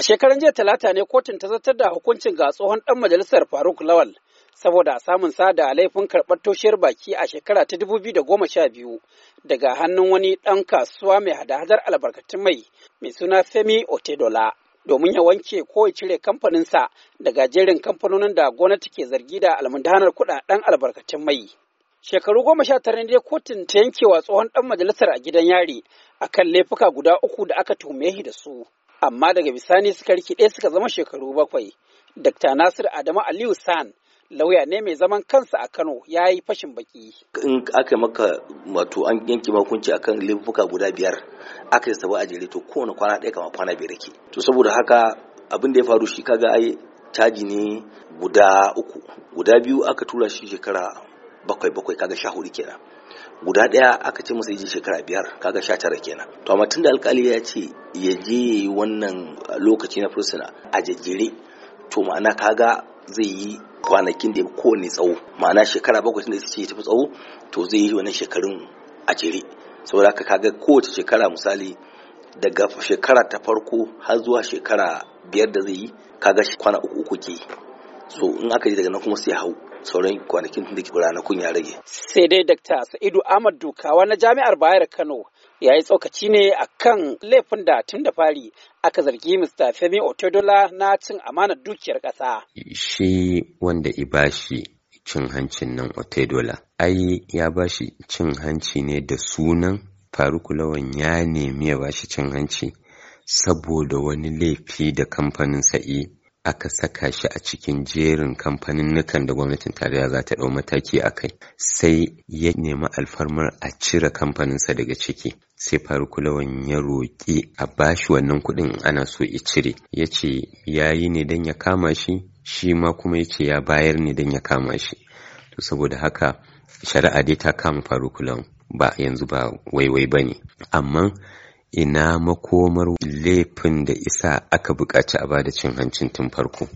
A shekaran jiya talata ne kotun ta zartar da hukuncin ga tsohon ɗan majalisar Faruk Lawal saboda samun sada a laifin karɓar toshiyar baki a shekara ta dubu biyu da goma sha biyu daga hannun wani ɗan kasuwa mai hada-hadar albarkatun mai mai suna Femi Otedola. Domin ya wanke ko ya cire kamfaninsa daga jerin kamfanonin da gwamnati ke zargi da almundanar kuɗaɗen albarkatun mai. shekaru goma sha tara ne kotun ta yankewa tsohon ɗan majalisar a gidan yari akan laifuka guda uku da aka tuhume shi da su amma daga bisani suka rikide suka zama shekaru bakwai. Dr. Nasir Adamu Aliyu San lauya ne mai zaman kansa a Kano ya yi fashin baki. In aka maka wato an yanke makunci akan laifuka guda biyar aka yi sabu a jere to kowane kwana ɗaya kama kwana biyar ke. To saboda haka abin da ya faru shi kaga ai caji ne guda uku guda biyu aka tura shi shekara bakwai bakwai kaga sha hudu kenan. guda ɗaya aka ce masa yi shekara biyar kaga sha tara kenan to amma tunda alkali ya ce ya je wannan lokaci na fursuna a jajjere to ma'ana kaga zai yi kwanakin da kowane tsawo ma'ana shekara bakwai tunda ce tafi tsawo to zai yi wannan shekarun a jere saboda haka kaga kowace shekara misali daga shekara ta farko har zuwa shekara biyar da zai yi kaga kwana uku uku ke so in aka yi daga nan kuma sai hau sauran kwanakin da ke ranakun ya rage. sai dai dakta sa'idu ahmad dukawa na jami'ar bayar kano ya yi tsokaci ne a kan laifin da tun da fari aka zargi mr femi otedola na cin amanar dukiyar ƙasa. shi wanda shi cin hancin nan otedola ai ya bashi cin hanci ne da sunan faruku lawan ya nemi ya bashi cin hanci saboda wani laifi da kamfanin sa'i aka saka shi a cikin jerin kamfaninnukan da gwamnatin tarayya za ta ɗau mataki a kai sai ya nemi alfarmar a cire kamfaninsa daga ciki sai farukulawan ya roƙi a bashi wannan kuɗin ana so ya cire ya ce ya yi ne don ya kama shi shi ma kuma ya ce ya bayar ne don ya kama shi to saboda haka shari'a dai ta kama farukulawan ba yanzu ba waiwai ba ne amma ina makomar laifin da isa aka buƙaci a bada cin hancin tun farko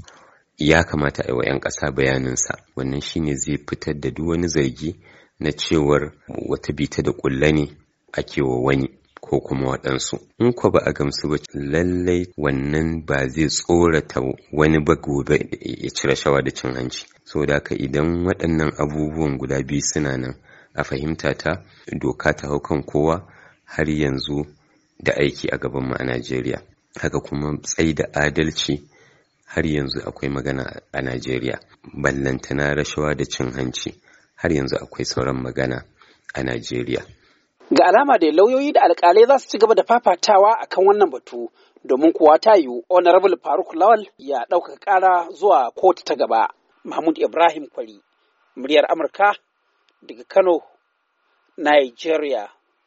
ya kamata a yi wa 'yan ƙasa bayaninsa wannan shine zai fitar da duk wani zargi na cewar wata bita da ƙulla ne ake wa wani ko kuma waɗansu in ko ba a gamsu ba lallai wannan ba zai tsorata wani ba gobe ya cire shawa da cin hanci saboda haka idan waɗannan abubuwan guda biyu suna nan a fahimta ta doka ta hau kan kowa har yanzu da aiki a gabanmu a Najeriya. Haka kuma tsai da adalci har yanzu akwai magana a Najeriya. Ballantana rashawa da cin hanci har yanzu akwai sauran magana a Najeriya. Ga alama da lauyoyi da alkalai za su ci gaba da fafatawa akan wannan batu domin kuwa ta yiwu Honorable Faruk Lawal ya ɗaukaka ƙara zuwa kotu ta gaba. Mahmud Ibrahim Kwari, muryar Amurka daga Kano, Nigeria.